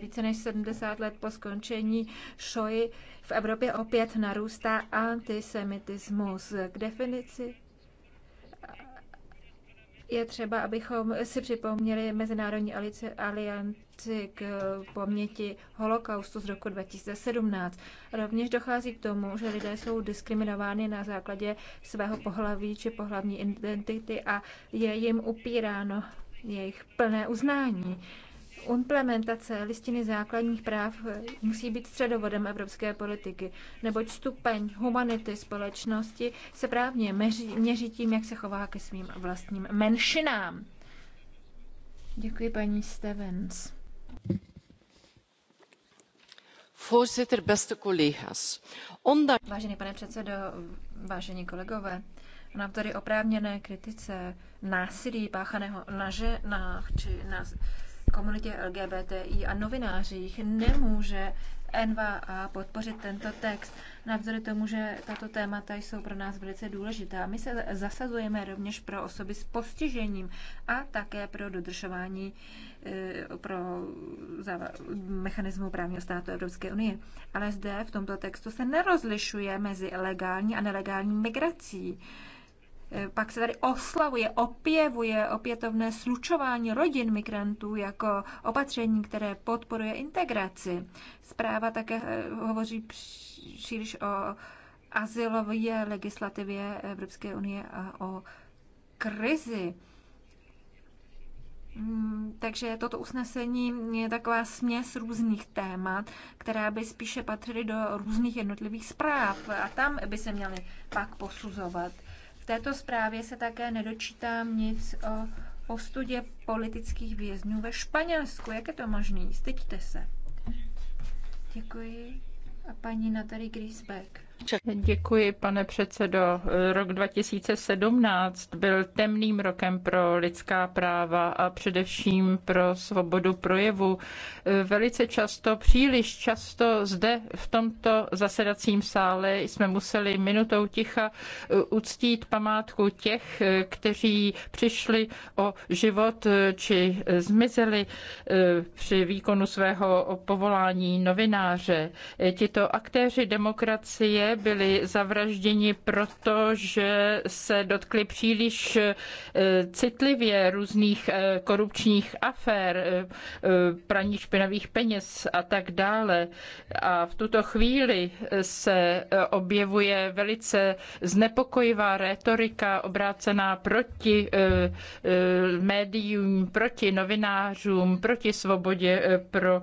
Více než 70 let po skončení šoji v Evropě opět narůstá antisemitismus. K definici je třeba, abychom si připomněli Mezinárodní alianci k paměti holokaustu z roku 2017. Rovněž dochází k tomu, že lidé jsou diskriminovány na základě svého pohlaví či pohlavní identity a je jim upíráno jejich plné uznání. Implementace listiny základních práv musí být středovodem evropské politiky, neboť stupeň humanity společnosti se právně měří, tím, jak se chová ke svým vlastním menšinám. Děkuji paní Stevens. Voorzitter, beste collega's. Vážený pane předsedo, vážení kolegové, na tady oprávněné kritice násilí páchaného na ženách či na komunitě LGBTI a novinářích nemůže NVA podpořit tento text, navzdory tomu, že tato témata jsou pro nás velice důležitá. My se zasazujeme rovněž pro osoby s postižením a také pro dodržování eh, pro mechanismu právního státu Evropské unie. Ale zde v tomto textu se nerozlišuje mezi legální a nelegální migrací. Eh, pak se tady oslavuje, opěvuje opětovné slučování rodin migrantů jako opatření, které podporuje integraci. Zpráva také eh, hovoří příliš o asilové legislativě Evropské unie a o krizi. Hmm, takže toto usnesení je taková směs různých témat, která by spíše patřily do různých jednotlivých zpráv a tam by se měly pak posuzovat této zprávě se také nedočítám nic o ostudě politických vězňů ve Španělsku. Jak je to možné? Styďte se. Děkuji. A paní Natalie Griesbeck. Děkuji, pane předsedo. Rok 2017 byl temným rokem pro lidská práva a především pro svobodu projevu. Velice často, příliš často zde v tomto zasedacím sále jsme museli minutou ticha uctít památku těch, kteří přišli o život či zmizeli při výkonu svého povolání novináře. Tito aktéři demokracie byli zavražděni proto, že se dotkli příliš eh, citlivě různých eh, korupčních afér, eh, praní špinavých peněz a tak dále. A v tuto chvíli se objevuje velice znepokojivá rétorika obrácená proti médiím, proti novinářům, proti svobodě pro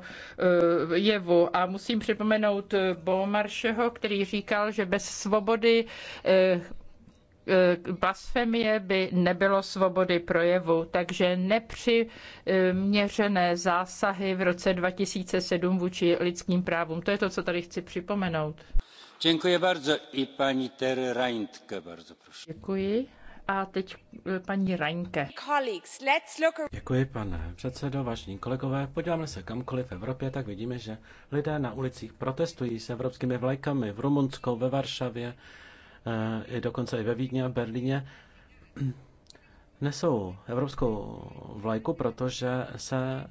jevu. A musím připomenout Beaumarcheho, který říká, říkal, že bez svobody eh, eh, blasfemie by nebylo svobody projevu, takže nepřiměřené zásahy v roce 2007 vůči lidským právům. To je to, co tady chci připomenout. Děkuji bardzo i paní Tere Reintke, bardzo prosím. Děkuji a teď e, paní Raňke. Děkuji, pane předsedo, vážení kolegové. Podíváme se kamkoliv v Evropě, tak vidíme, že lidé na ulicích protestují s evropskými vlajkami v Rumunsku, ve Varšavě, e, i dokonce i ve Vídni a Berlíně. Nesou evropskou vlajku, protože se e,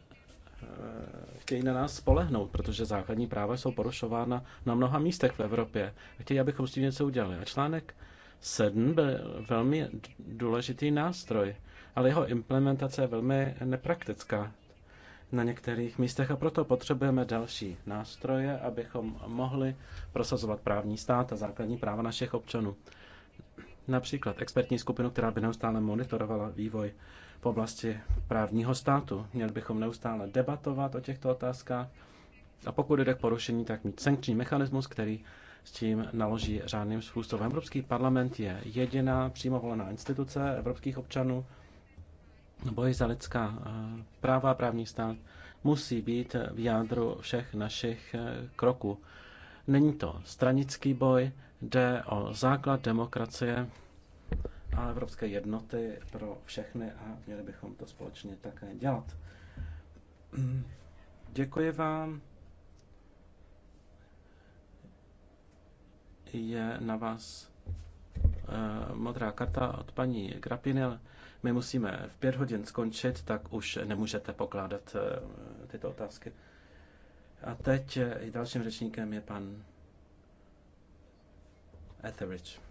chtějí na nás spolehnout, protože základní práva jsou porušována na mnoha místech v Evropě. Chtějí, abychom s tím něco udělali. A článek 7 byl velmi důležitý nástroj, ale jeho implementace je velmi nepraktická na některých místech a proto potřebujeme další nástroje, abychom mohli prosazovat právní stát a základní práva našich občanů. Například expertní skupinu, která by neustále monitorovala vývoj v oblasti právního státu. Měli bychom neustále debatovat o těchto otázkách a pokud jde k porušení, tak mít sankční mechanismus, který s tím naloží řádným způsobem. Evropský parlament je jediná přímo volená instituce evropských občanů. Boj za lidská eh, práva a právní stát musí být v jádru všech našich eh, kroků. Není to stranický boj, jde o základ demokracie a evropské jednoty pro všechny a měli bychom to společně také dělat. Děkuji vám. je na vás eh, modrá karta od paní Grapiny, my musíme v pět hodin skončit, tak už nemůžete pokládat eh, tyto otázky. A teď eh, dalším řečníkem je pan Etheridge.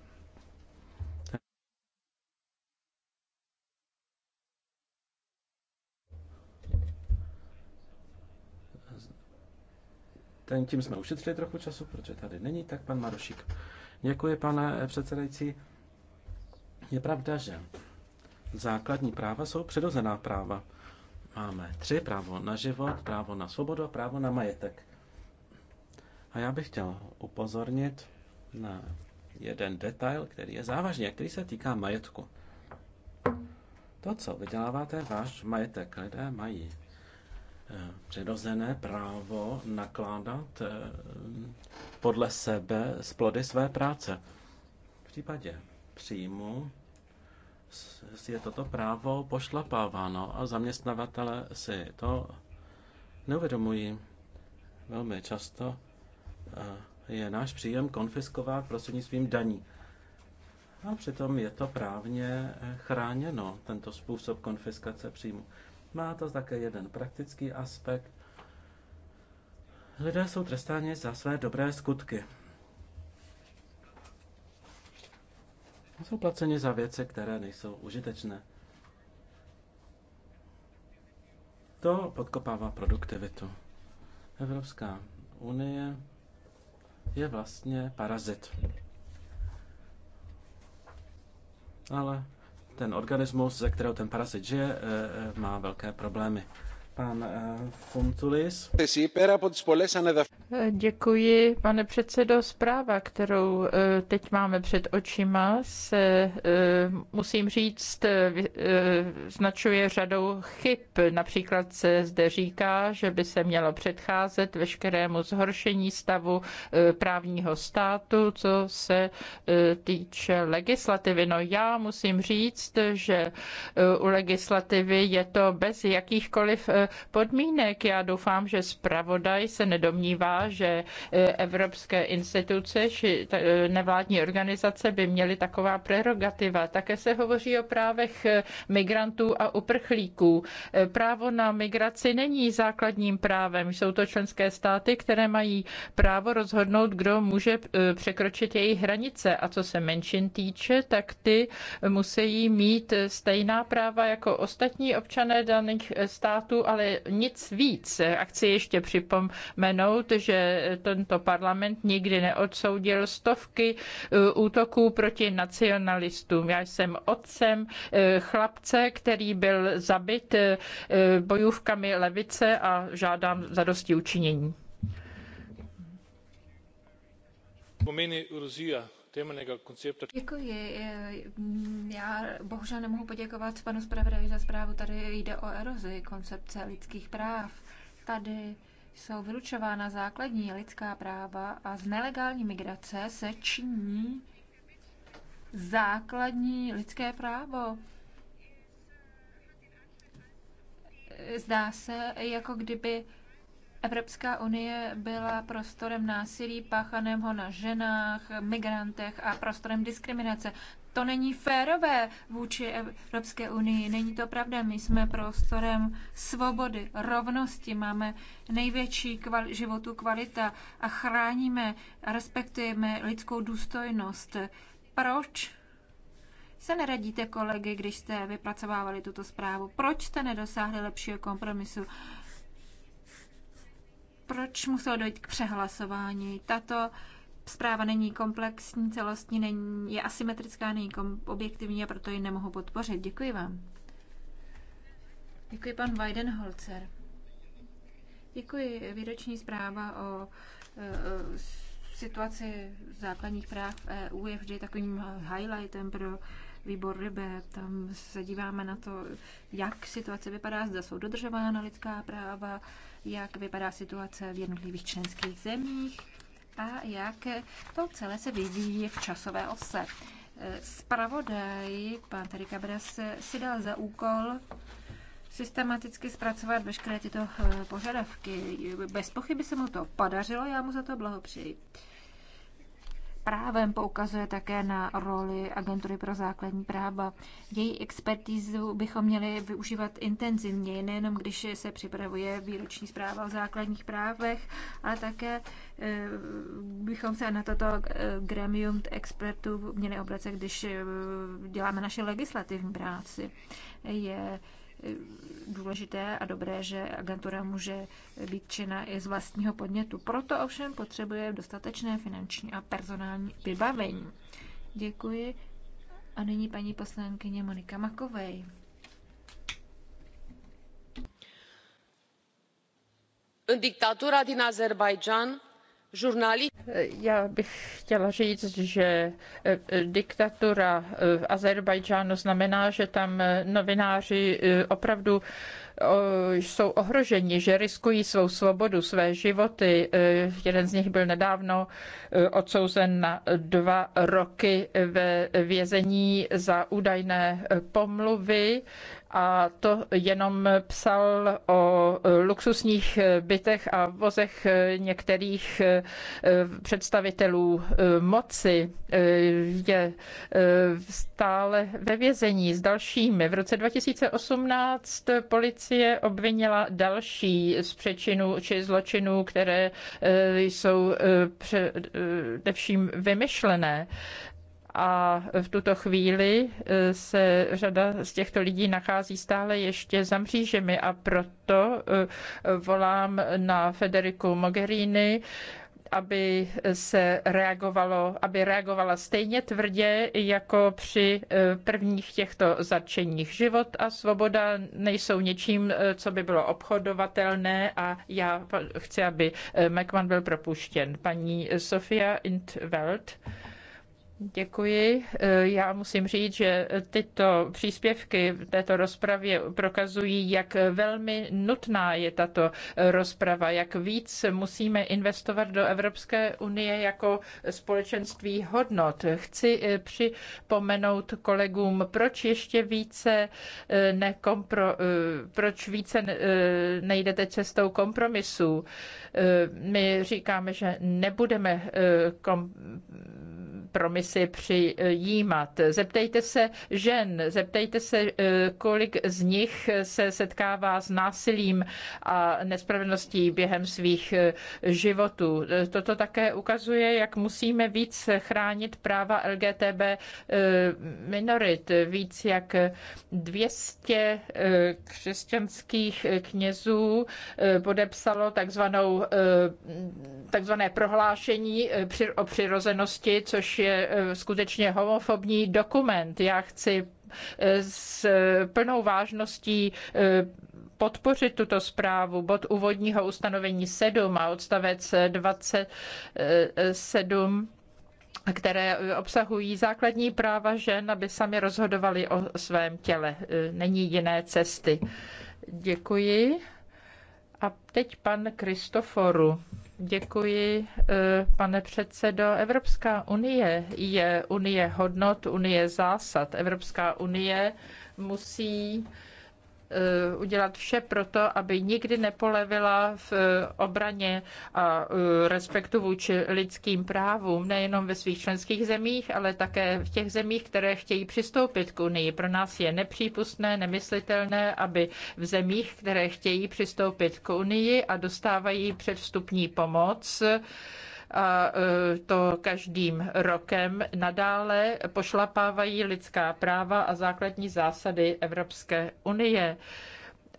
ten, tím jsme ušetřili trochu času, protože tady není, tak pan Marošik. Děkuji, pane předsedající. Je pravda, že základní práva jsou přirozená práva. Máme tři právo na život, právo na svobodu a právo na majetek. A já bych chtěl upozornit na jeden detail, který je závažný a který se týká majetku. To, co vyděláváte, váš majetek lidé mají Eh, přirozené právo nakládat eh, podle sebe z plody své práce. V případě příjmu je toto právo pošlapáváno a zaměstnavatele si to neuvědomují. Velmi často eh, je náš příjem konfiskován prostřednictvím daní. A přitom je to právně chráněno, tento způsob konfiskace příjmu. Má to také jeden praktický aspekt. Lidé jsou trestáni za své dobré skutky. Jsou placeni za věci, které nejsou užitečné. To podkopává produktivitu. Evropská unie je vlastně parazit. Ale ten organismus, ze kterého ten parazit žije, eh, eh, má velké problémy. Pan eh, Funtulis. Děkuji, pane předsedo. Zpráva, kterou eh, teď máme před očima, se, eh, musím říct, eh, značuje řadou chyb. Například se zde říká, že by se mělo předcházet veškerému zhoršení stavu právního státu, co se týče legislativy. No já musím říct, že u legislativy je to bez jakýchkoliv podmínek. Já doufám, že zpravodaj se nedomnívá, že e, evropské instituce či e, nevládní organizace by měly taková prerogativa. Také se hovoří o právech e, migrantů a uprchlíků. Právo na migraci není základním právem. Jsou to členské státy, které mají právo rozhodnout, kdo může překročit jejich hranice. A co se menšin týče, tak ty musí mít stejná práva jako ostatní občané daných států, ale nic víc. A chci ještě připomenout, že tento parlament nikdy neodsoudil stovky eh, útoků proti nacionalistům. Já jsem otcem eh, chlapce, který byl zabit eh, bojůvkami levice a žádám za dosti učinění. Pomeni erozija temeljnega Děkuji. Já bohužel nemohu poděkovat panu zpravodaji za zprávu. Tady jde o erozi koncepce lidských práv. Tady jsou vylučována základní lidská práva a z nelegální migrace se činí základní lidské právo. Zdá se, jako kdyby Evropská unie byla prostorem násilí páchaného na ženách, migrantech a prostorem diskriminace. To není férové vůči Evropské unii, není to pravda. My jsme prostorem svobody, rovnosti, máme největší kval- životu kvalita a chráníme a respektujeme lidskou důstojnost. Proč se neradíte kolegy, když jste vypracovávali tuto zprávu? Proč jste nedosáhli lepšího kompromisu? Proč muselo dojít k přehlasování? Tato zpráva není komplexní, celostní, není, je asymetrická, není kom, objektivní a proto ji nemohu podpořit. Děkuji vám. Děkuji pan Weidenholzer. Děkuji. Výroční zpráva o e, e, situaci základních práv v EU je vždy takovým highlightem pro výbor rybe. Tam se díváme na to, jak situace vypadá, zda jsou dodržována lidská práva, jak vypadá situace v jednotlivých členských zemích a jak to celé se vyvíjí v časové ose. Spravodaj, pan Terry Cabres, si dal za úkol systematicky zpracovat veškeré tyto eh, požadavky. Bez pochyby se mu to podařilo, já mu za to blahopřeji právem poukazuje také na roli Agentury pro základní práva. Její expertízu bychom měli využívat intenzivně nejenom když se připravuje výroční zpráva o základních právech, ale také eh, bychom se na toto eh, gremium expertů měli obracet, když eh, děláme naše legislativní práci. Je důležité a dobré, že agentura může být činná i z vlastního podnětu. Proto ovšem potřebuje dostatečné finanční a personální vybavení. Děkuji. A nyní paní poslankyně Monika Makovej. Diktatura din Azerbaidjan, žurnály. Já bych chtěla říct, že eh, diktatura v eh, Azerbajdžánu znamená, že tam eh, novináři opravdu jsou ohroženi, že riskují svou svobodu, své životy. Jeden z nich byl nedávno odsouzen na dva roky ve vězení za údajné pomluvy a to jenom psal o luxusních bytech a vozech některých eh, představitelů eh, moci. Eh, je stále ve vězení s dalšími. V roce 2018 policie obvinila další z přečinů či zločinů, které jsou především vymyšlené a v tuto chvíli e, se řada z těchto lidí nachází stále ještě za mřížemi a proto e, volám na Federiku Mogherini, aby se reagovalo, aby reagovala stejně tvrdě jako při e, prvních těchto zatčeních. Život a svoboda nejsou něčím, co by bylo obchodovatelné a já chci, aby McMahon byl propuštěn. Paní Sofia Intveld. Děkuji. Eh, já musím říct, že tyto příspěvky v této rozpravě prokazují, jak velmi nutná je tato rozprava, jak víc musíme investovat do Evropské unie jako společenství hodnot. Chci eh, připomenout kolegům, proč ještě více eh, nekompro, proč více nejdete cestou kompromisů. Eh, my říkáme, že nebudeme eh, kompromisy přijímat. Zeptejte se žen, zeptejte se, eh, kolik z nich se setkává s násilím a nespravedlností během svých životů. Toto také ukazuje, jak musíme víc chránit práva LGTB minorit. Víc jak 200 křesťanských knězů podepsalo takzvanou Eh, takzvané prohlášení eh, o přirozenosti, což je eh, skutečně homofobní dokument. Já chci s plnou vážností podpořit tuto zprávu. Bod úvodního ustanovení 7 a odstavec 27 které obsahují základní práva žen, aby sami rozhodovali o svém těle. Není jiné cesty. Děkuji. A teď pan Kristoforu. Děkuji, eh, pane předsedo. Evropská unie je unie hodnot, unie zásad. Evropská unie musí Eh, udělat vše proto, aby nikdy nepolevila v eh, obraně a eh, respektu vůči lidským právům, nejenom ve svých členských zemích, ale také v těch zemích, které chtějí přistoupit k Unii. Pro nás je nepřípustné, nemyslitelné, aby v zemích, které chtějí přistoupit k Unii a dostávají předvstupní pomoc, a e, to každým rokem nadále pošlapávají lidská práva a základní zásady Evropské unie.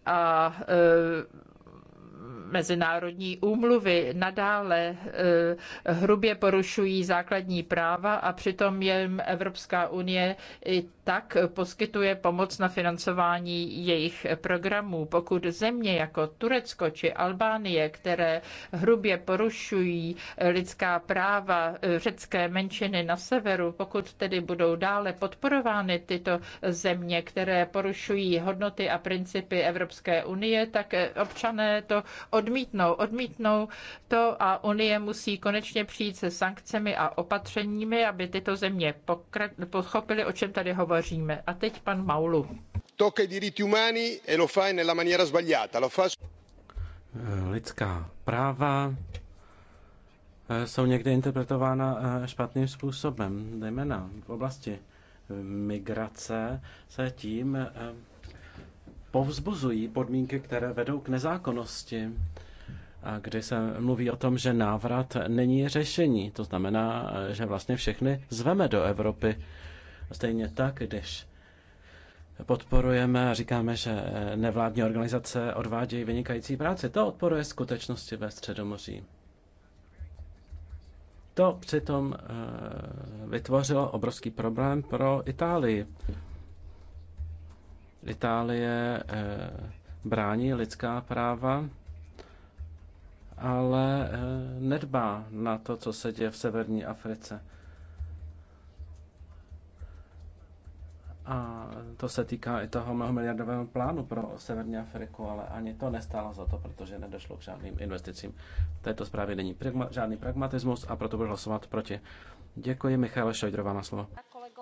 A e, mezinárodní úmluvy nadále eh, hrubě porušují základní práva a přitom jim Evropská unie i tak poskytuje pomoc na financování jejich programů. Pokud země jako Turecko či Albánie, které hrubě porušují lidská práva eh, řecké menšiny na severu, pokud tedy budou dále podporovány tyto země, které porušují hodnoty a principy Evropské unie, tak eh, občané to odmítnou. Odmítnou to a Unie musí konečně přijít se sankcemi a opatřeními, aby tyto země pochopily, o čem tady hovoříme. A teď pan Maulu. Tocca i diritti umani e lo fa nella maniera sbagliata. Lo fa... Eh, lidská práva eh, jsou někdy interpretována eh, špatným způsobem, na, v oblasti migrace se tím povzbuzují podmínky, které vedou k nezákonnosti. A kdy se mluví o tom, že návrat není řešení. To znamená, že vlastně všechny zveme do Evropy. Stejně tak, když podporujeme a říkáme, že nevládní organizace odvádějí vynikající práci. To odporuje skutečnosti ve Středomoří. To přitom eh, vytvořilo obrovský problém pro Itálii. Itálie eh, brání lidská práva, ale eh, nedbá na to, co se děje v severní Africe. A to se týká i toho mého miliardového plánu pro Severní Afriku, ale ani to nestálo za to, protože nedošlo k žádným investicím. V této zprávě není pragma, žádný pragmatismus a proto budu hlasovat proti. Děkuji, Michal Šojdrová na slovo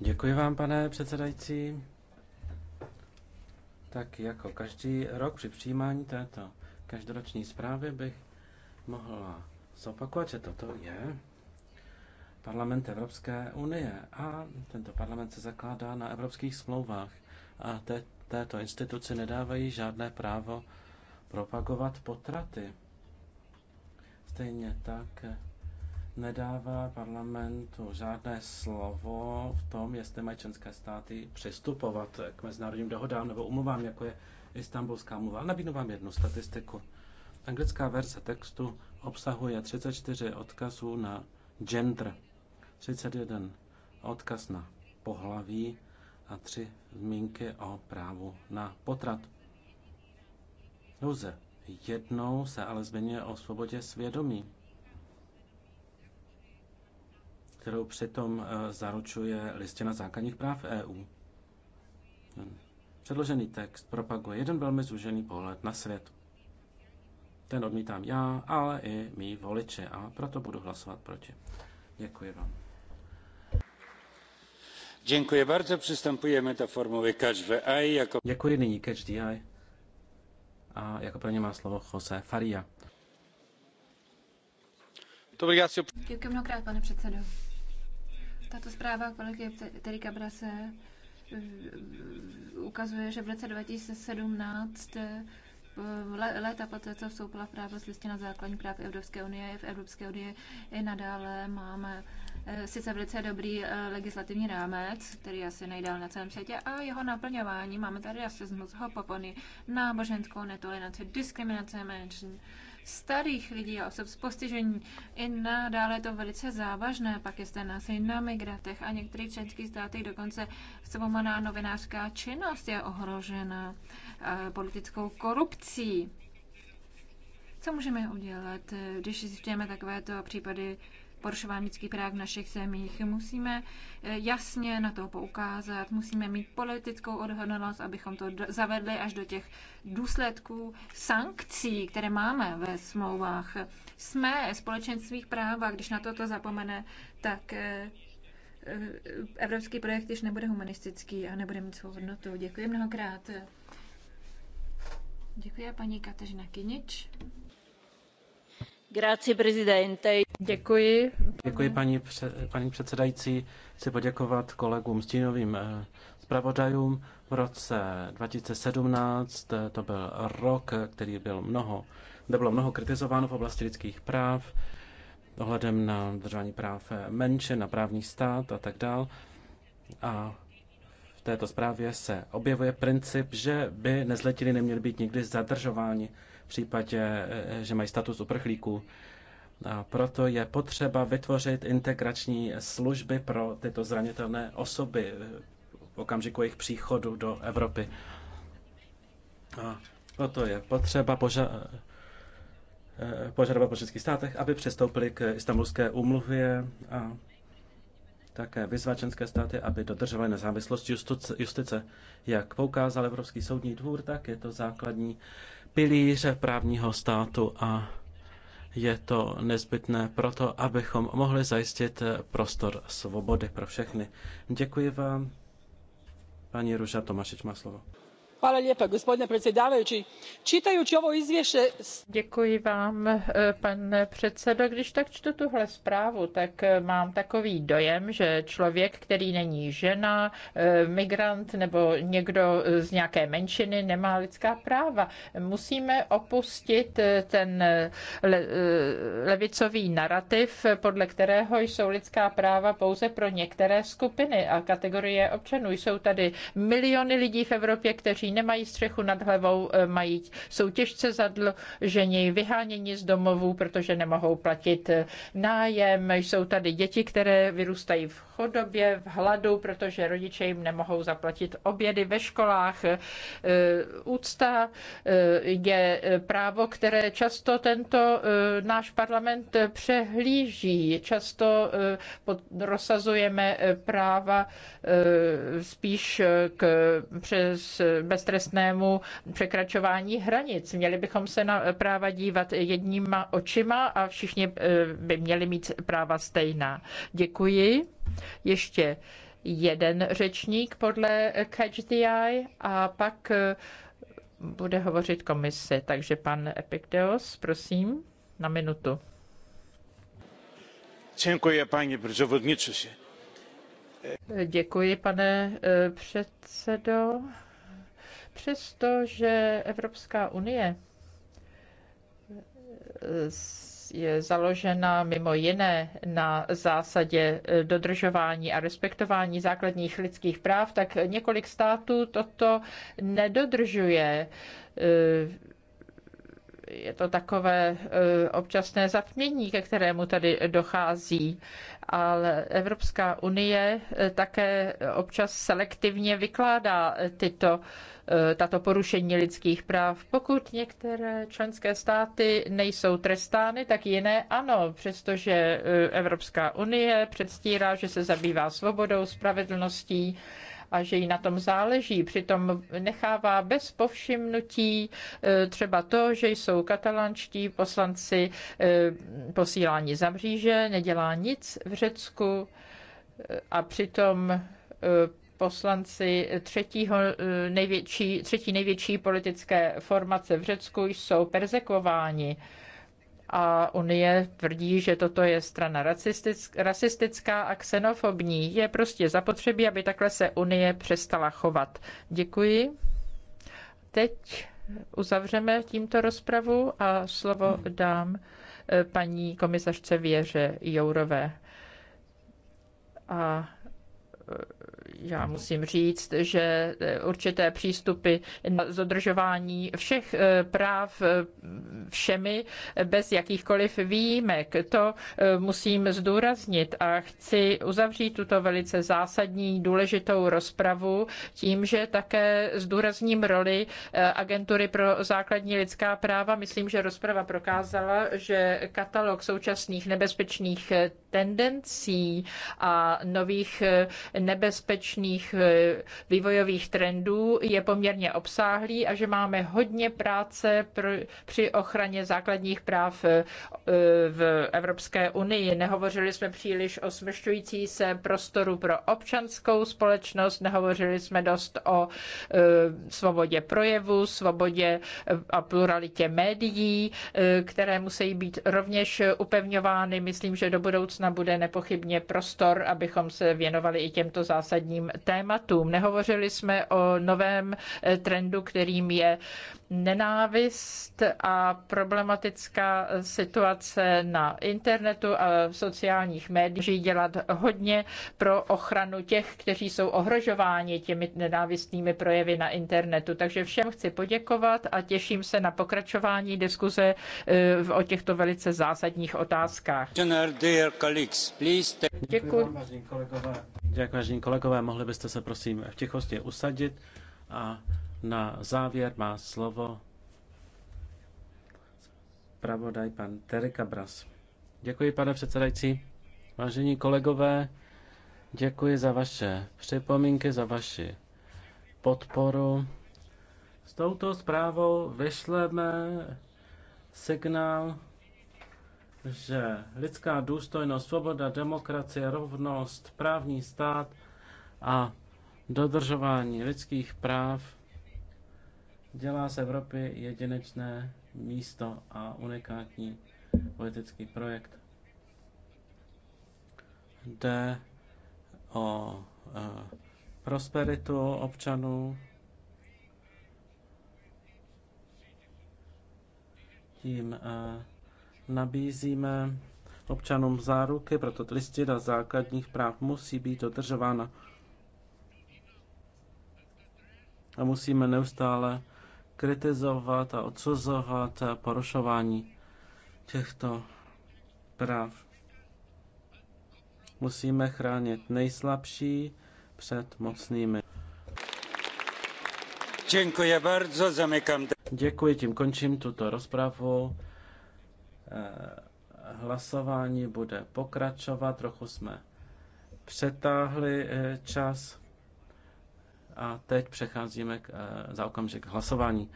Děkuji vám, pane předsedající. Tak jako každý rok při přijímání této každoroční zprávy bych mohla zopakovat, že toto je parlament Evropské unie a tento parlament se zakládá na evropských smlouvách a te, této instituci nedávají žádné právo propagovat potraty. Stejně tak nedává parlamentu žádné slovo v tom, jestli mají členské státy přistupovat k mezinárodním dohodám nebo umluvám, jako je Istanbulská umluva. Nabídnu vám jednu statistiku. Anglická verze textu obsahuje 34 odkazů na gender, 31 odkaz na pohlaví a tři zmínky o právu na potrat. Pouze jednou se ale zmiňuje o svobodě svědomí. kterou přitom eh, zaručuje listina základních práv EU. Hm. Předložený text propaguje jeden velmi zúžený pohled na svět. Ten odmítám já, ale i mý voliče a proto budu hlasovat proti. Děkuji vám. Děkuji bardzo. Přistępujeme do formuly Catch the Eye. Jako... Děkuji nyní Catch the Eye. A jako první má slovo Jose Faria. Děkuji mnohokrát, pane předsedo. Tato zpráva kolegy Terry Brase eh, ukazuje, že v roce 2017 eh, léta poté, co vstoupila právě z listina základní práv Evropské unie, v Evropské unii i nadále máme eh, sice velice dobrý legislativní rámec, který asi nejdál na celém světě, a jeho naplňování máme tady rasismus, hopopony, náboženskou netoleranci, diskriminace menšin, starých lidí a osob s postižením. I nadále je to velice závažné, pak je zde násilí na migratech a některých členských státech dokonce svobodná novinářská činnost je ohrožena eh, politickou korupcí. Co můžeme udělat, eh, když zjišťujeme takovéto případy porušování lidských práv v našich zemích. Musíme eh, jasně na to poukázat, musíme mít politickou odhodlanost, abychom to zavedli až do těch důsledků sankcí, které máme ve smlouvách. Jsme společenstvích a když na toto zapomene, tak eh, eh, evropský projekt již nebude humanistický a nebude mít svou hodnotu. Děkuji mnohokrát. Děkuji paní Kateřina Kinič. Děkuji. Děkuji, paní, předsedající. Chci poděkovat kolegům stínovým eh, zpravodajům. V roce 2017 eh, to byl rok, který byl mnoho, kde bylo mnoho kritizováno v oblasti lidských práv, ohledem na dodržování práv menšin, na právní stát a tak dál. A v této zprávě se objevuje princip, že by nezletili neměli být nikdy zadržováni v případě, eh, že mají status uprchlíků. A proto je potřeba vytvořit integrační služby pro tyto zranitelné osoby eh, v okamžiku jejich příchodu do Evropy. A proto je potřeba poža- eh, požadovat po českých státech, aby přistoupili k istambulské úmluvě a také vyzvat členské státy, aby dodržovaly nezávislost justice. Jak poukázal Evropský soudní dvůr, tak je to základní pilíř právního státu a je to nezbytné proto, abychom mohli zajistit prostor svobody pro všechny. Děkuji vám. Paní Ruža Tomašič má slovo gospodine predsjedavajui itajui ovo izvjee. děkuji vám pane předsedo když tak čtu tuhle zprávu tak mám takový dojem že člověk který není žena migrant nebo někdo z nějaké menšiny nemá lidská práva. musíme opustit ten levicový narrativ podle kterého jsou lidská práva pouze pro některé skupiny a kategorie občanů. jsou tady miliony lidí v evropě kteří nemají střechu nad hlavou, eh, mají, jsou těžce zadlužení, vyháněni z domovů, protože nemohou platit eh, nájem. Jsou tady děti, které vyrůstají v chodobě, v hladu, protože rodiče jim nemohou zaplatit obědy ve školách. Eh, úcta je právo, které často tento náš parlament přehlíží. Často rozsazujeme práva spíš k, přes, bez beztrestnému překračování hranic. Měli bychom se na práva dívat jedníma očima a všichni eh, by měli mít práva stejná. Děkuji. Ještě jeden řečník podle Catch the Eye a pak eh, bude hovořit komise. Takže pan Epikdeos, prosím, na minutu. Děkuji, paní předsedající. Děkuji, pane eh, předsedo. Přestože Evropská unie je založena mimo jiné na zásadě dodržování a respektování základních lidských práv, tak několik států toto nedodržuje je to takové eh, občasné zatmění, ke kterému tady dochází. Ale Evropská unie eh, také občas selektivně vykládá eh, tyto Eh, tato porušení lidských práv. Pokud některé členské státy nejsou trestány, tak jiné ano, přestože eh, Evropská unie předstírá, že se zabývá svobodou, spravedlností a že jí na tom záleží. Přitom nechává bez povšimnutí eh, třeba to, že jsou katalánští poslanci posíláni za mříže, nedělá nic v Řecku a přitom poslanci třetího eh, největší, třetí největší politické formace v Řecku jsou persekováni a Unie tvrdí, že toto je strana rasistická a xenofobní. Je prostě zapotřebí, aby takhle se Unie přestala chovat. Děkuji. Teď uzavřeme tímto rozpravu a slovo dám eh, paní komisařce Věře Jourové. A eh, já musím říct, že e, určité přístupy na dodržování všech e, práv e, všemi bez jakýchkoliv výjimek, to musím zdůraznit a chci uzavřít tuto velice zásadní důležitou rozpravu tím, že také zdůrazním roli Agentury pro základní lidská práva. Myslím, že rozprava prokázala, že katalog současných nebezpečných tendencí a nových nebezpečných společných eh, vývojových trendů je poměrně obsáhlý a že máme hodně práce při ochraně základních práv eh, v Evropské unii. Nehovořili jsme příliš o smršťující se prostoru pro občanskou společnost, nehovořili jsme dost o eh, svobodě projevu, svobodě a pluralitě médií, které musí být rovněž upevňovány. Myslím, že do budoucna bude nepochybně prostor, abychom se věnovali i těmto zásadním zásadním tématům. Nehovořili jsme o novém eh, trendu, kterým je nenávist a problematická situace na internetu a v sociálních médiích může dělat hodně pro ochranu těch, kteří jsou ohrožováni těmi nenávistnými projevy na internetu. Takže všem chci poděkovat a těším se na pokračování diskuze e, o těchto velice zásadních otázkách. Děkuji. děkuji, vážení kolegové, mohli byste se prosím v tichosti usadit a na závěr má slovo zpravodaj pan Terry Bras. Děkuji, pane předsedající. Vážení kolegové, děkuji za vaše připomínky, za vaši podporu. S touto zprávou vyšleme signál, že lidská důstojnost, svoboda, demokracie, rovnost, právní stát a dodržování lidských práv dělá z Evropy jedinečné místo a unikátní politický projekt. Jde o e, prosperitu občanů, tím e, nabízíme občanům záruky, proto listina základních práv musí být dodržována. A musíme neustále kritizovat a odsuzovat porušování těchto práv. Musíme chránit nejslabší před mocnými. Děkuji bardzo, zamykám. Děkuji, tím končím tuto rozpravu. Eh, hlasování bude pokračovat, trochu jsme přetáhli eh, čas. A teď přecházíme k, eh, za okamžik k hlasování.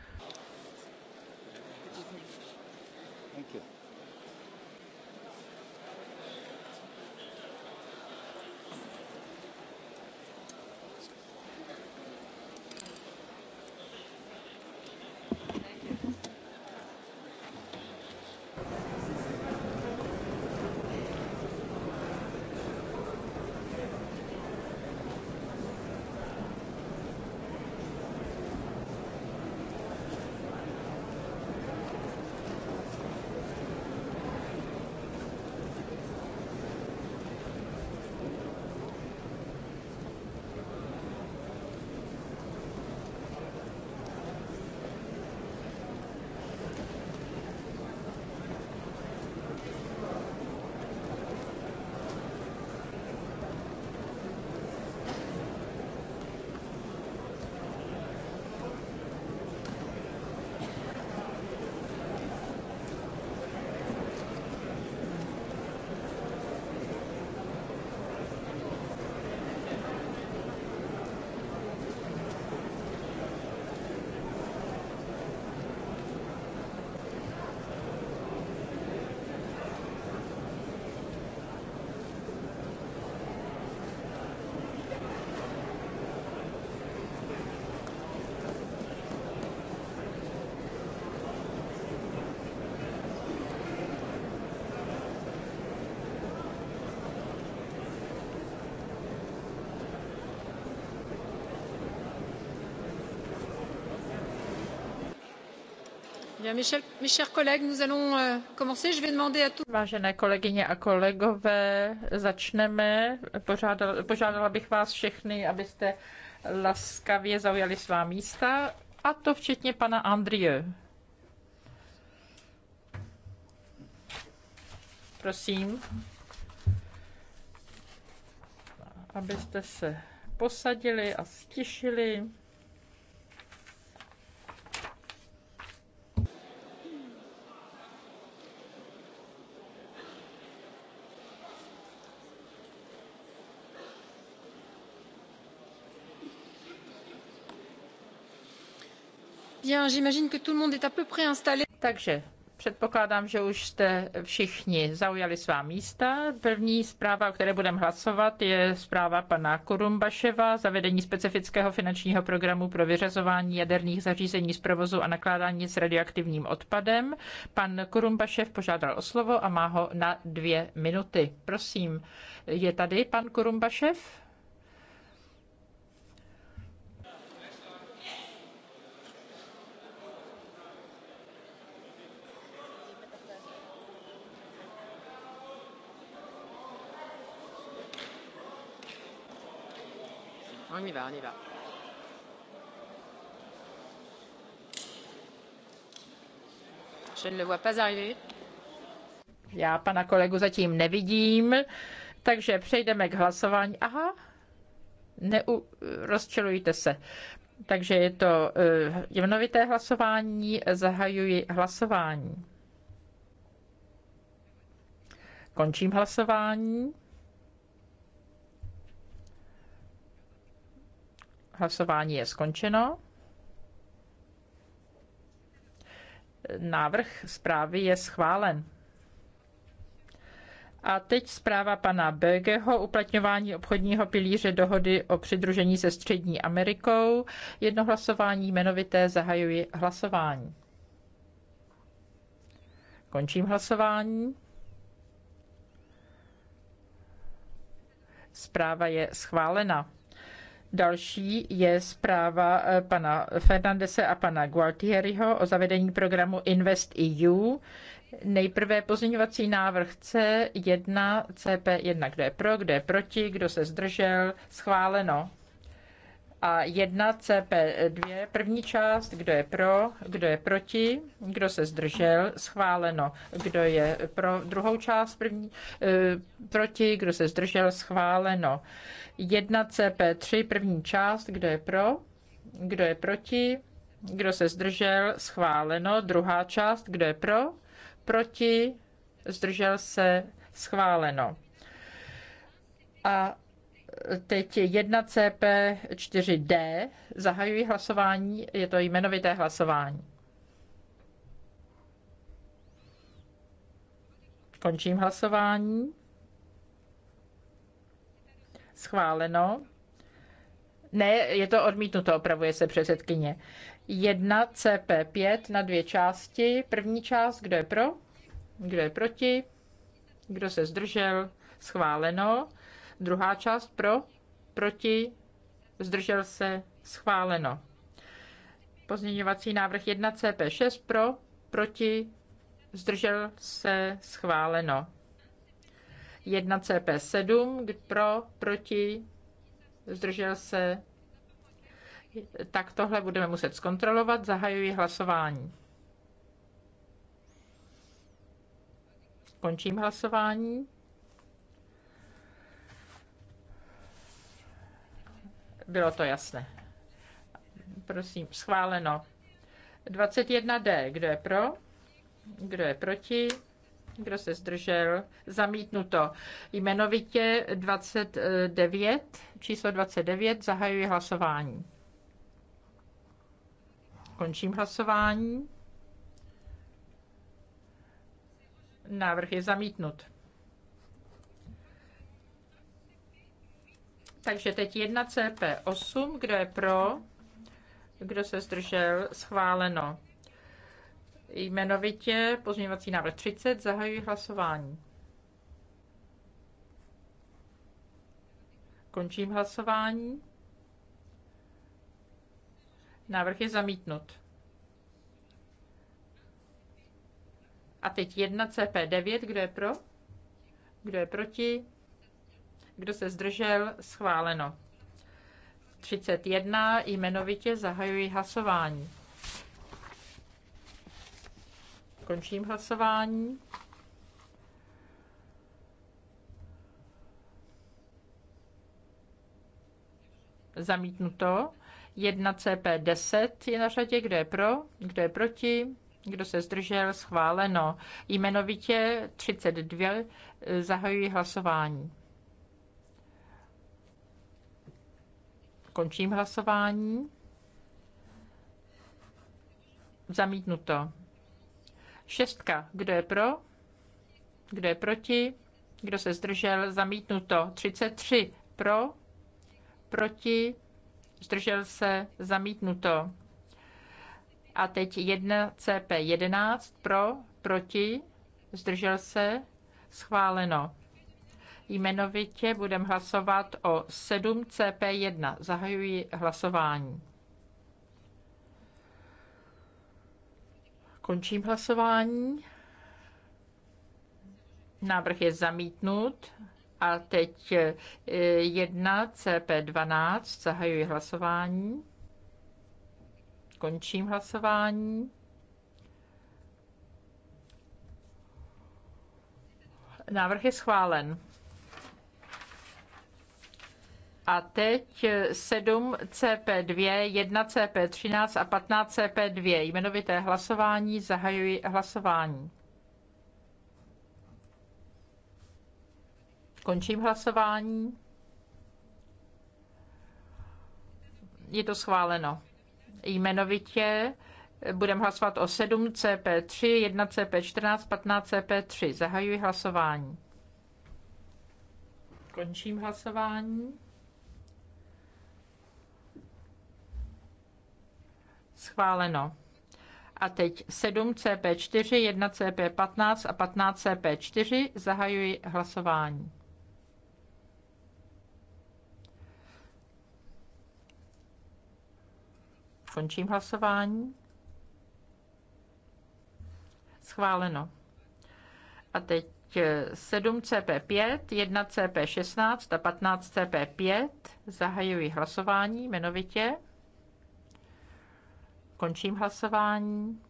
Vážené kolegyně a kolegové, začneme. Požádala, požádala bych vás všechny, abyste laskavě zaujali svá místa, a to včetně pana Andrieu. Prosím, abyste se posadili a stišili. Takže předpokládám, že už jste všichni zaujali svá místa. První zpráva, o které budeme hlasovat, je zpráva pana za zavedení specifického finančního programu pro vyřazování jaderných zařízení z provozu a nakládání s radioaktivním odpadem. Pan Kurumbašev požádal o slovo a má ho na dvě minuty. Prosím, je tady pan Kurumbašev? On y va, on y va. Je ne le vois pas arriver. Já pana kolegu zatím nevidím, takže přejdeme k hlasování. Aha, neu, se. Takže je to eh, jemnovité hlasování, zahajuji hlasování. Končím hlasování. Hlasování je skončeno. Návrh zprávy je schválen. A teď zpráva pana Bergeho, uplatňování obchodního pilíře dohody o přidružení se Střední Amerikou. Jedno hlasování jmenovité zahajuji hlasování. Končím hlasování. Zpráva je schválena. Další je zpráva eh, pana Fernandese a pana Gualtieriho o zavedení programu Invest EU. Nejprve pozměňovací návrh C1, CP1, kdo je pro, kdo je proti, kdo se zdržel, schváleno a 1 CP2, první část, kdo je pro, kdo je proti, kdo se zdržel, schváleno, kdo je pro druhou část, první, eh, proti, kdo se zdržel, schváleno. 1 CP3, první část, kdo je pro, kdo je proti, kdo se zdržel, schváleno, druhá část, kdo je pro, proti, zdržel se, schváleno. A teď 1CP4D. Zahajuji hlasování, je to jmenovité hlasování. Končím hlasování. Schváleno. Ne, je to odmítnuto, opravuje se předsedkyně. 1 CP5 na dvě části. První část, kdo je pro, kdo je proti, kdo se zdržel, schváleno. Druhá část pro, proti, zdržel se, schváleno. Pozměňovací návrh 1 CP6 pro, proti, zdržel se, schváleno. 1 CP7 pro, proti, zdržel se. Tak tohle budeme muset zkontrolovat. Zahajuji hlasování. Končím hlasování. Bylo to jasné. Prosím, schváleno. 21D. Kdo je pro? Kdo je proti? Kdo se zdržel? Zamítnuto. Jmenovitě 29, číslo 29, zahajuji hlasování. Končím hlasování. Návrh je zamítnut. Takže teď 1 CP8, kdo je pro, kdo se zdržel, schváleno. Jmenovitě pozměňovací návrh 30, zahajuji hlasování. Končím hlasování. Návrh je zamítnut. A teď 1 CP9, kdo je pro? Kdo je proti? Kdo se zdržel? Schváleno. 31. Jmenovitě zahajuji hlasování. Končím hlasování. Zamítnuto. 1 CP10 je na řadě. Kdo je pro? Kdo je proti? Kdo se zdržel? Schváleno. Jmenovitě 32. Zahajuji hlasování. Končím hlasování. Zamítnuto. Šestka. Kdo je pro? Kdo je proti? Kdo se zdržel? Zamítnuto. 33. Pro? Proti? Zdržel se? Zamítnuto. A teď 1 CP11. Pro? Proti? Zdržel se? Schváleno. Jmenovitě budeme hlasovat o 7 CP1. Zahajuji hlasování. Končím hlasování. Návrh je zamítnut. A teď 1 eh, CP12. Zahajuji hlasování. Končím hlasování. Návrh je schválen a teď 7 CP2, 1 CP13 a 15 CP2. Jmenovité hlasování zahajuji hlasování. Končím hlasování. Je to schváleno. Jmenovitě budeme hlasovat o 7 CP3, 1 CP14, 15 CP3. Zahajuji hlasování. Končím hlasování. Schváleno. A teď 7 CP4, 1 CP15 a 15 CP4. Zahajuji hlasování. Končím hlasování. Schváleno. A teď 7 CP5, 1 CP16 a 15 CP5. Zahajuji hlasování jmenovitě. Končím hlasování.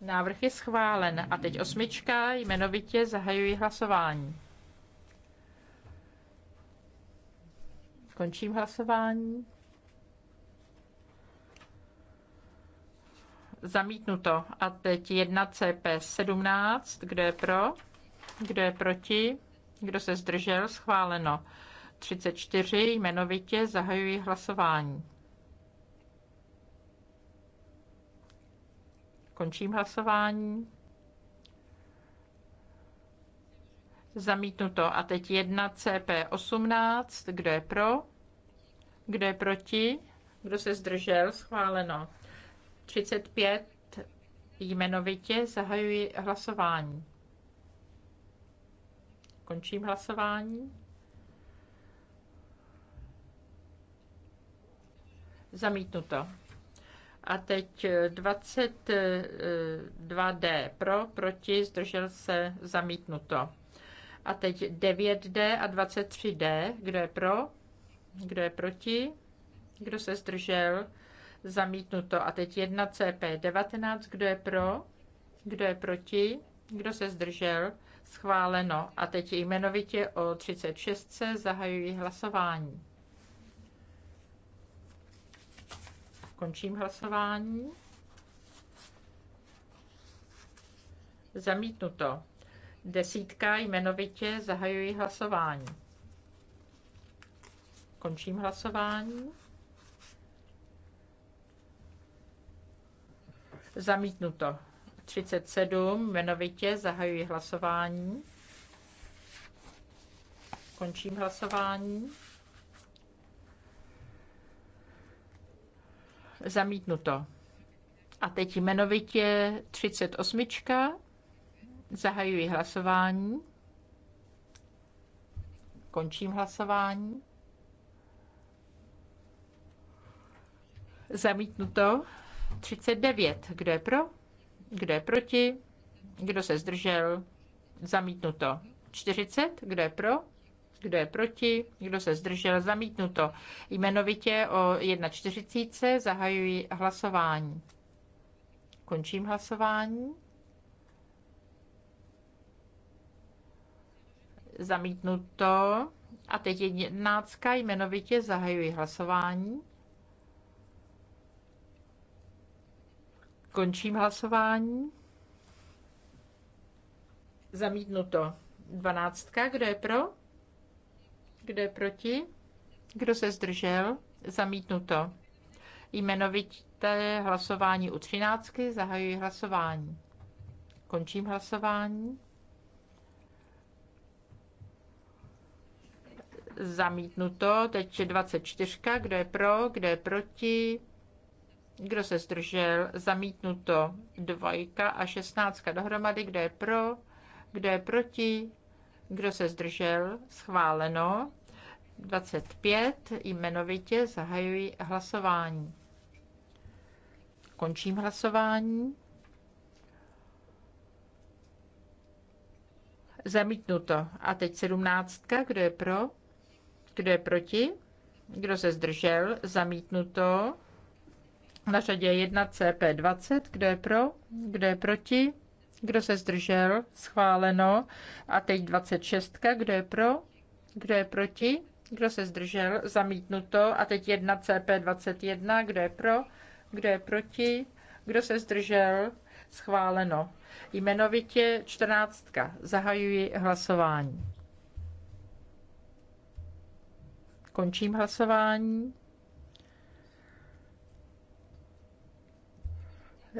Návrh je schválen. A teď osmička, jmenovitě zahajuji hlasování. Končím hlasování. Zamítnuto. A teď 1 CP17. Kdo je pro? Kdo je proti? Kdo se zdržel? Schváleno. 34. Jmenovitě zahajuji hlasování. Končím hlasování. Zamítnuto. A teď 1 CP18. Kdo je pro? Kdo je proti? Kdo se zdržel? Schváleno. 35 jmenovitě zahajuji hlasování. Končím hlasování. Zamítnuto. A teď 22D eh, pro, proti, zdržel se, zamítnuto. A teď 9D a 23D, kdo je pro, kdo je proti, kdo se zdržel, zamítnuto. A teď 1CP19, kdo je pro, kdo je proti, kdo se zdržel, schváleno. A teď jmenovitě o 36 c zahajují hlasování. Končím hlasování. Zamítnuto. Desítka jmenovitě zahajuji hlasování. Končím hlasování. Zamítnuto. 37 jmenovitě zahajuji hlasování. Končím hlasování. Zamítnuto. A teď jmenovitě 38. Zahajuji hlasování. Končím hlasování. Zamítnuto 39. Kdo je pro? Kdo je proti? Kdo se zdržel? Zamítnuto 40. Kdo je pro? kdo je proti, kdo se zdržel, zamítnuto. Jmenovitě o 1.40 zahajuji hlasování. Končím hlasování. Zamítnuto. A teď jednáctka jmenovitě zahajuji hlasování. Končím hlasování. Zamítnuto. Dvanáctka, kdo je pro? Kdo je proti? Kdo se zdržel? Zamítnuto. Jmenovité hlasování u třináctky. Zahajuji hlasování. Končím hlasování. Zamítnuto. Teď je 24. Kdo je pro? Kdo je proti? Kdo se zdržel? Zamítnuto. Dvojka a šestnáctka dohromady. Kdo je pro? Kdo je proti? Kdo se zdržel? Schváleno. 25 jmenovitě zahajuji hlasování. Končím hlasování. Zamítnuto. A teď sedmnáctka. Kdo je pro? Kdo je proti? Kdo se zdržel? Zamítnuto. Na řadě 1 CP20. Kdo je pro? Kdo je proti? Kdo se zdržel? Schváleno. A teď 26. Kdo je pro? Kdo je proti? Kdo se zdržel? Zamítnuto. A teď 1 CP21. Kdo je pro? Kdo je proti? Kdo se zdržel? Schváleno. Jmenovitě 14. Zahajuji hlasování. Končím hlasování.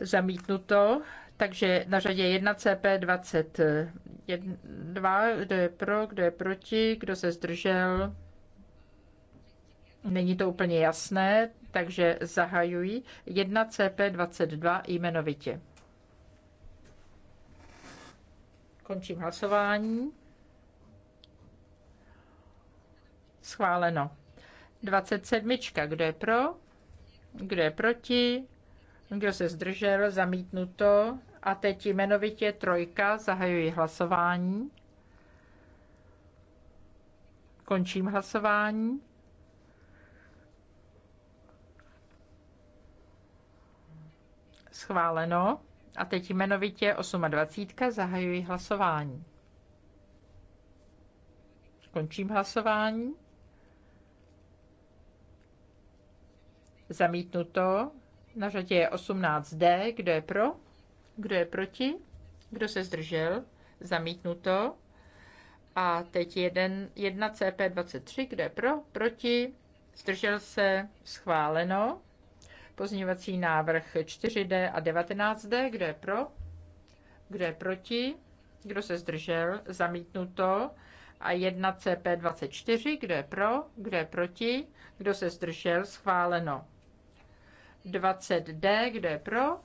Zamítnuto. Takže na řadě 1 cp 21 kdo je pro, kdo je proti, kdo se zdržel, Není to úplně jasné, takže zahajují 1 CP22 jmenovitě. Končím hlasování. Schváleno. 27. Kdo je pro? Kdo je proti? Kdo se zdržel? Zamítnuto. A teď jmenovitě trojka. Zahajuji hlasování. Končím hlasování. Schváleno. A teď jmenovitě 28. zahajuji hlasování. Končím hlasování. Zamítnuto. Na řadě je 18D. Kdo je pro? Kdo je proti? Kdo se zdržel? Zamítnuto. A teď 1 CP23. Kdo je pro? Proti? Zdržel se? Schváleno. Pozměňovací návrh 4D a 19D. Kdo je pro? Kdo je proti? Kdo se zdržel? Zamítnuto. A 1CP24. Kdo je pro? Kdo je proti? Kdo se zdržel? Schváleno. 20D. Kdo je pro?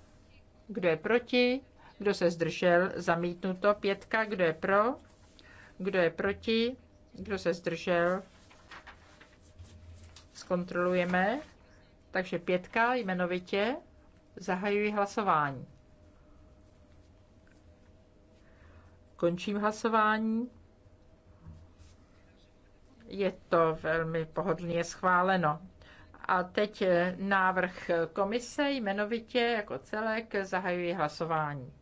Kdo je proti? Kdo se zdržel? Zamítnuto. Pětka. Kdo je pro? Kdo je proti? Kdo se zdržel? Zkontrolujeme. Takže pětka jmenovitě zahajuji hlasování. Končím hlasování. Je to velmi pohodlně schváleno. A teď návrh komise jmenovitě jako celek zahajuji hlasování.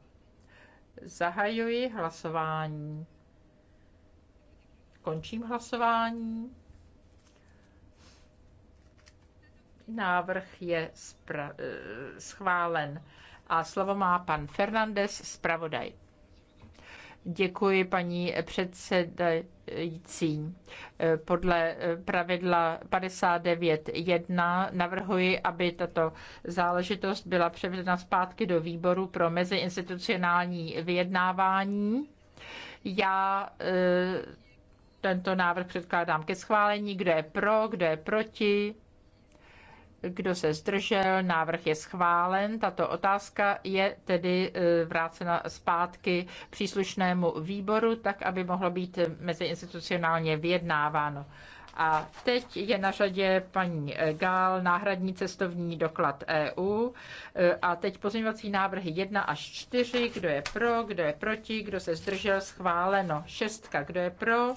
Zahajuji hlasování. Končím hlasování. Návrh je eh, schválen. A slovo má pan Fernandez, zpravodaj. Děkuji, paní předsedající. Eh, podle eh, pravidla 59.1 navrhuji, aby tato záležitost byla převedena zpátky do výboru pro meziinstitucionální vyjednávání. Já tento návrh předkládám ke schválení, kdo je pro, kdo je proti, kdo se zdržel? Návrh je schválen. Tato otázka je tedy e, vrácena zpátky příslušnému výboru, tak aby mohlo být meziinstitucionálně vyjednáváno. A teď je na řadě paní e, Gál, náhradní cestovní doklad EU. E, a teď pozměňovací návrhy 1 až 4, kdo je pro, kdo je proti, kdo se zdržel, schváleno. Šestka, kdo je pro,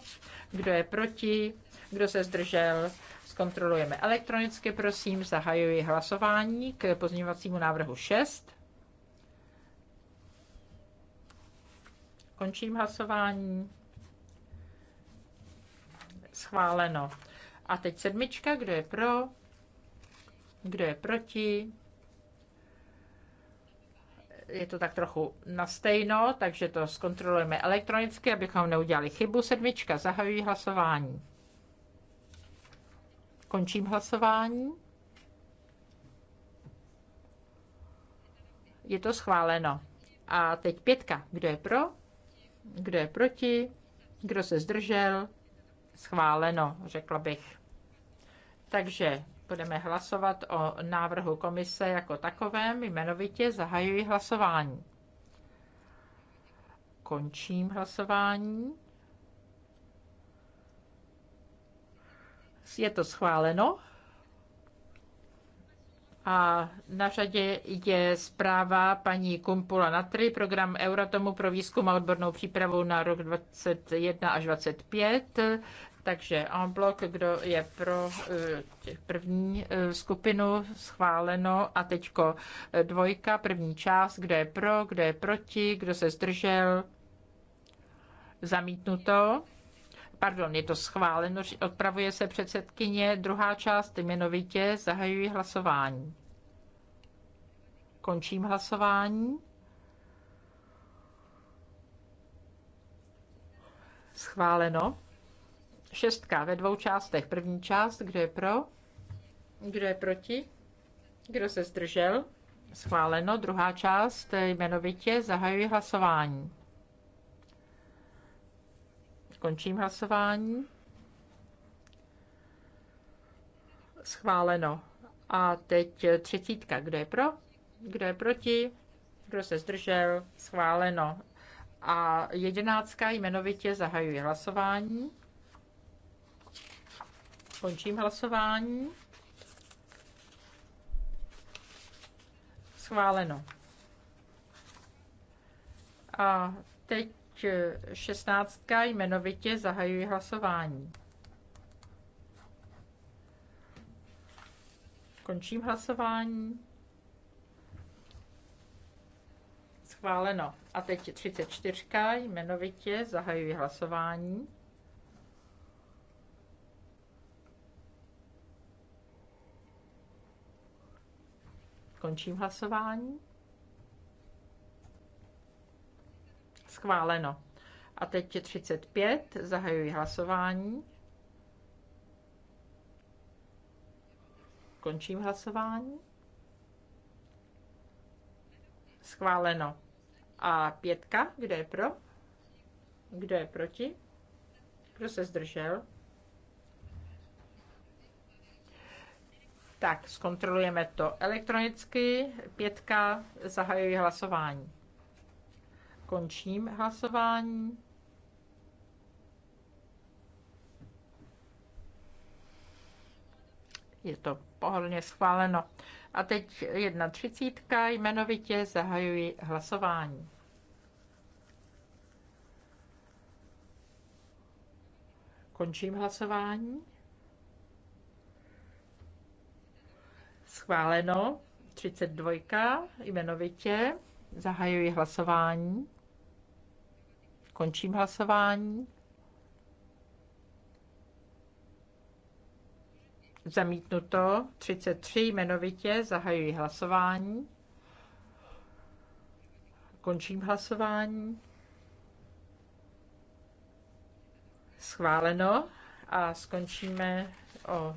kdo je proti, kdo se zdržel, Zkontrolujeme elektronicky, prosím, zahajuji hlasování k pozměňovacímu návrhu 6. Končím hlasování. Schváleno. A teď sedmička, kdo je pro, kdo je proti. Je to tak trochu na stejno, takže to zkontrolujeme elektronicky, abychom neudělali chybu. Sedmička, zahajuji hlasování. Končím hlasování. Je to schváleno. A teď pětka. Kdo je pro? Kdo je proti? Kdo se zdržel? Schváleno, řekla bych. Takže budeme hlasovat o návrhu komise jako takovém. Jmenovitě zahajuji hlasování. Končím hlasování. je to schváleno. A na řadě je zpráva paní Kumpula Natry, program Euratomu pro výzkum a odbornou přípravu na rok 21 až 25. Takže en blok, kdo je pro eh, první eh, skupinu schváleno a teďko eh, dvojka, první část, kdo je pro, kdo je proti, kdo se zdržel, zamítnuto. Pardon, je to schváleno, odpravuje se předsedkyně. Druhá část jmenovitě zahajuji hlasování. Končím hlasování. Schváleno. Šestka ve dvou částech. První část, kdo je pro, kdo je proti, kdo se zdržel. Schváleno. Druhá část jmenovitě zahajuji hlasování. Končím hlasování. Schváleno. A teď třicítka. Kdo je pro? Kdo je proti? Kdo se zdržel? Schváleno. A jedenáctka jmenovitě zahajuje hlasování. Končím hlasování. Schváleno. A teď 16 jmenovitě zahajuji hlasování. Končím hlasování. Schváleno. A teď 34 jmenovitě zahajuji hlasování. Končím hlasování. schváleno. A teď je 35, zahajuji hlasování. Končím hlasování. Schváleno. A pětka, kdo je pro? Kdo je proti? Kdo se zdržel? Tak, zkontrolujeme to elektronicky. Pětka, zahajuji hlasování. Končím hlasování. Je to pohodlně schváleno. A teď jedna třicítka, jmenovitě zahajuji hlasování. Končím hlasování. Schváleno 32, jmenovitě zahajuji hlasování. Končím hlasování. Zamítnuto 33 jmenovitě. Zahajuji hlasování. Končím hlasování. Schváleno a skončíme o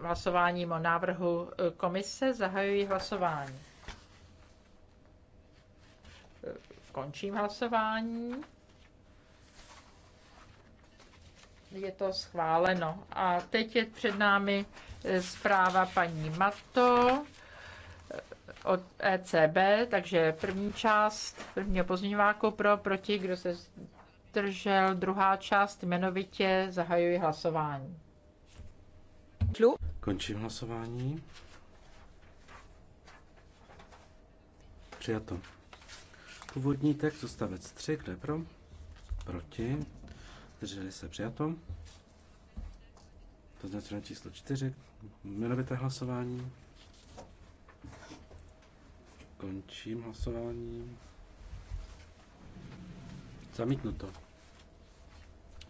hlasováním o návrhu komise. Zahajuji hlasování. Končím hlasování. je to schváleno. A teď je před námi e, zpráva paní Mato e, od ECB, takže první část prvního pozměňováku pro, proti, kdo se zdržel, druhá část jmenovitě zahajuji hlasování. Končím hlasování. Přijato. Původní text, odstavec 3, kde pro? Proti zdrželi se přijato. To znamená číslo 4, jmenovité hlasování. Končím hlasování. Zamítnuto.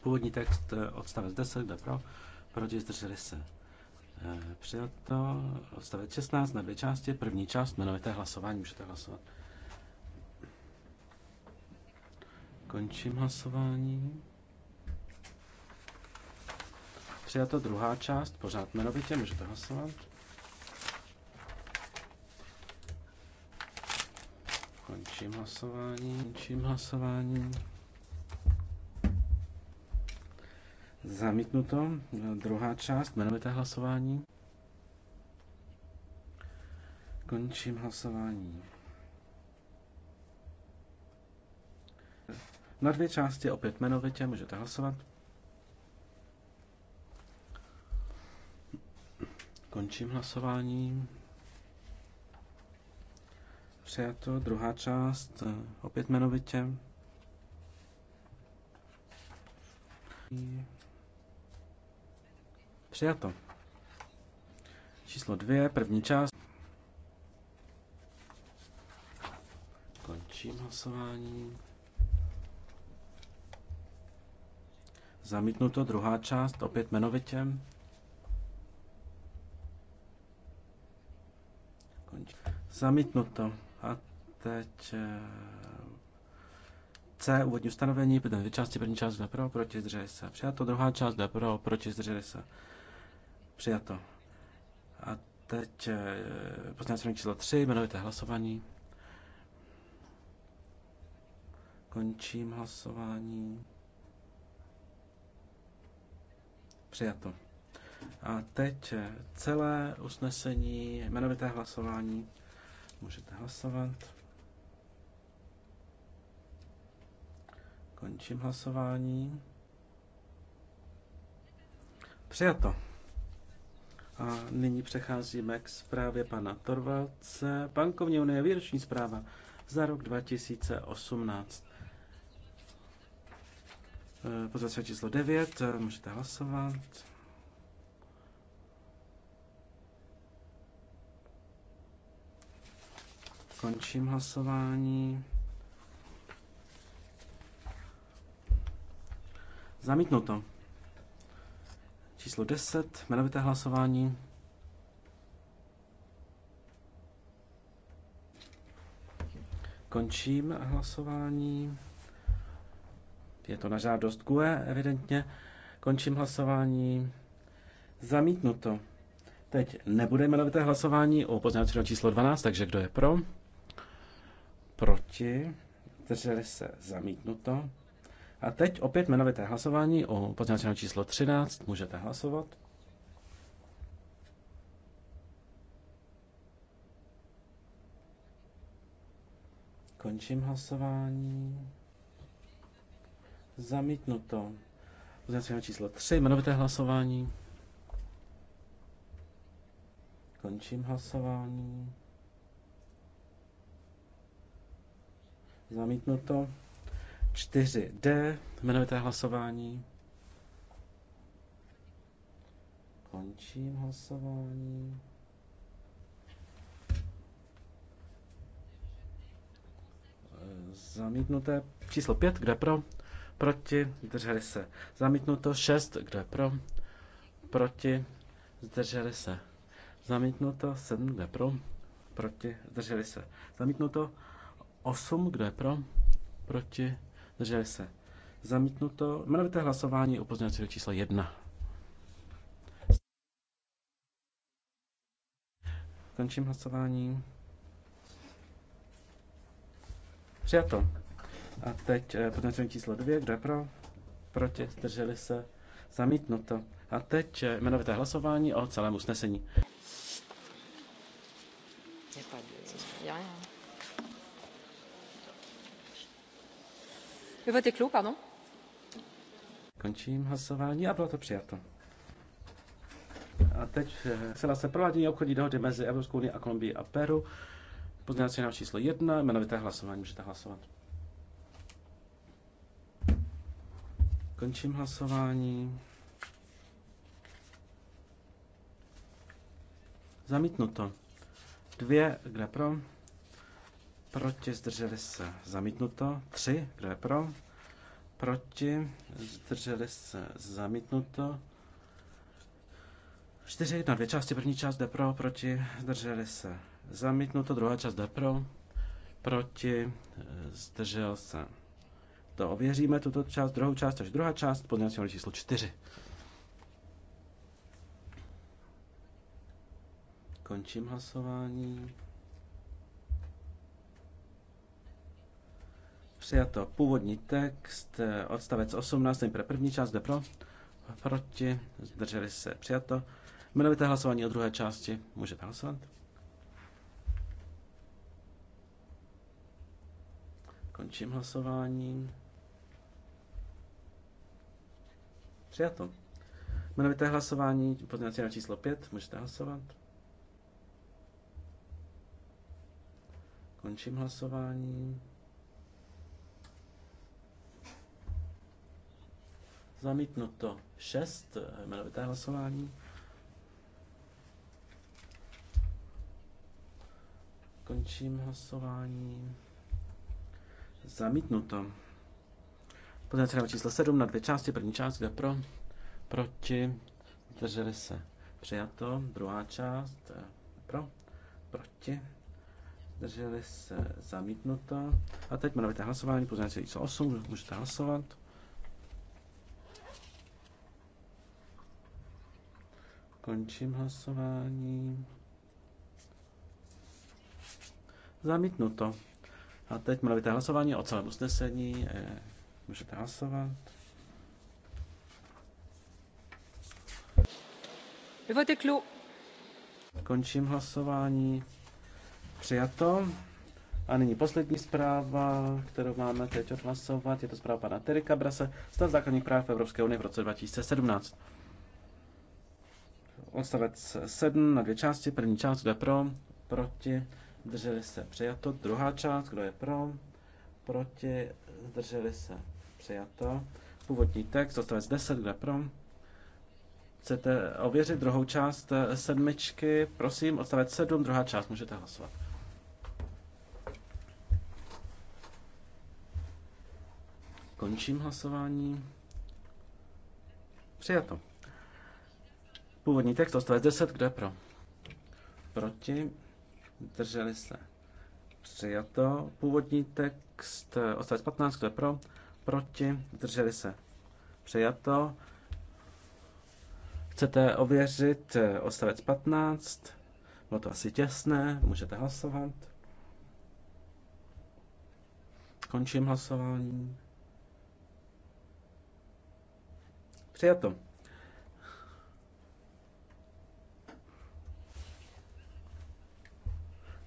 Původní text eh, odstavec 10, kde pro, proti zdrželi se. Eh, přijato odstavec 16 na dvě části. První část jmenovité hlasování, můžete hlasovat. Končím hlasování. Přijato druhá část, pořád jmenovitě, můžete hlasovat. Končím hlasování, končím hlasování. Zamítnuto. Druhá část, jmenovité hlasování. Končím hlasování. Na dvě části opět jmenovitě můžete hlasovat. Končím hlasování. Přijato druhá část, eh, opět jmenovitě. Přijato. Číslo dvě, první část. Končím hlasování. Zamítnuto druhá část, opět jmenovitě. Zamítnuto. A teď eh, C, úvodní ustanovení, dvě části, první část jde pro, proti zdrželi se. Přijato, druhá část jde pro, proti zdrželi se. Přijato. A teď eh, poslední číslo 3, jmenujete hlasování. Končím hlasování. Přijato. A teď eh, celé usnesení, jmenovité hlasování. Můžete hlasovat. Končím hlasování. Přijato. A nyní přecházíme k zprávě pana Torvalce. Bankovní unie výroční zpráva za rok 2018. E, pozvací číslo 9, e, můžete hlasovat. Končím hlasování. Zamítnuto. Číslo 10, jmenovité hlasování. Končím hlasování. Je to na žádost GUE, evidentně. Končím hlasování. Zamítnuto. Teď nebude jmenovité hlasování o pozměňovacím číslo 12, takže kdo je pro? proti, drželi se zamítnuto. A teď opět jmenovité hlasování o pozměňovacím číslo 13. Můžete hlasovat. Končím hlasování. Zamítnuto. Pozměňovacího číslo 3, jmenovité hlasování. Končím hlasování. Zamítnuto. 4D, jmenovité hlasování. Končím hlasování. Zamítnuté číslo 5, kde pro? Proti, zdrželi se. Zamítnuto 6, kde pro? Proti, zdrželi se. Zamítnuto 7, kde pro? Proti, zdrželi se. Zamítnuto 8, kdo je pro, proti, zdrželi se. Zamítnuto. Jmenovité hlasování o pozměňovacího číslo 1. Končím hlasování. Přijato. A teď eh, pozměňovací číslo 2. Kdo je pro? Proti? Zdrželi se? Zamítnuto. A teď eh, jmenovité hlasování o celém usnesení. Nepadlo. Já, já. Končím hlasování a bylo to přijato. A teď eh, celá se provádění obchodní dohody mezi Evropskou unii a Kolumbií a Peru. Poznávací návrh číslo jedna, jmenovité hlasování, můžete hlasovat. Končím hlasování. Zamítnuto. Dvě, kde pro? Proti zdrželi se zamítnuto. Tři, Kdo je pro? Proti zdrželi se zamítnuto. čtyři. Na dvě části. První část jde pro. Proti zdrželi se zamítnuto. Druhá část jde pro. Proti zdržel se. To ověříme tuto část, druhou část až druhá část pozměňovacího číslo čtyři. Končím hlasování. Přijato původní text, eh, odstavec 18, pro první část, jde pro, proti, zdrželi se, přijato. Jmenovité hlasování o druhé části, můžete hlasovat. Končím hlasování. Přijato. Jmenovité hlasování, pozměnací na číslo 5, můžete hlasovat. Končím hlasování. Zamítnuto 6, eh, jmenovité hlasování. Končím hlasování. Zamítnuto. Pozměňovací návrh číslo 7 na dvě části. První část, kde pro, proti, zdrželi se. Přijato. Druhá část, eh, pro, proti, drželi se. Zamítnuto. A teď jmenovité hlasování. Pozměňovací číslo 8, můžete hlasovat. Končím hlasování. Zamítnuto. A teď mluvíte hlasování o celém usnesení. E, můžete hlasovat. Vyvoteklu. Končím hlasování. Přijato. A nyní poslední zpráva, kterou máme teď odhlasovat. Je to zpráva pana Terika Brase. Stav základních práv Evropské unie v roce 2017. Odstavec 7 na dvě části. První část, kdo je pro, proti, zdrželi se přijato. Druhá část, kdo je pro, proti, zdrželi se přijato. Původní text, odstavec 10, kdo je pro. Chcete ověřit druhou část eh, sedmičky? Prosím, odstavec 7, druhá část, můžete hlasovat. Končím hlasování. Přijato. Původní text, odstavec 10, kdo je pro? Proti, drželi se. Přijato. Původní text, eh, odstavec 15, kdo je pro? Proti, drželi se. Přijato. Chcete ověřit eh, odstavec 15? Bylo to asi těsné, můžete hlasovat. Končím hlasování. Přijato.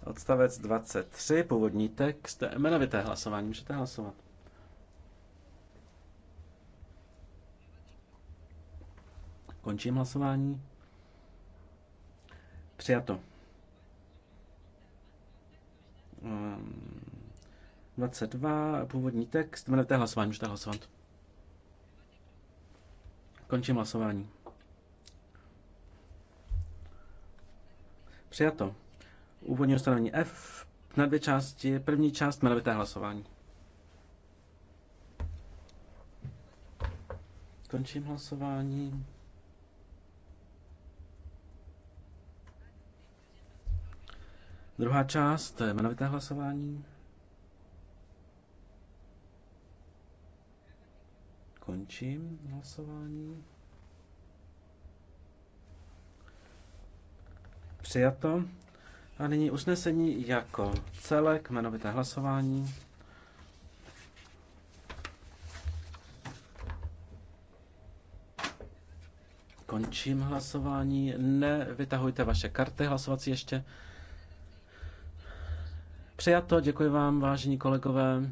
Odstavec 23, původní text, jmenovité hlasování, můžete hlasovat. Končím hlasování. Přijato. 22, ehm, původní text, jmenovité hlasování, můžete hlasovat. Končím hlasování. Přijato. Úvodní ustanovení F na dvě části. První část jmenovité hlasování. Končím hlasování. Druhá část jmenovité hlasování. Končím hlasování. Přijato. A nyní usnesení jako celek, jmenovité hlasování. Končím hlasování. Nevytahujte vaše karty hlasovací ještě. Přijato, děkuji vám, vážení kolegové.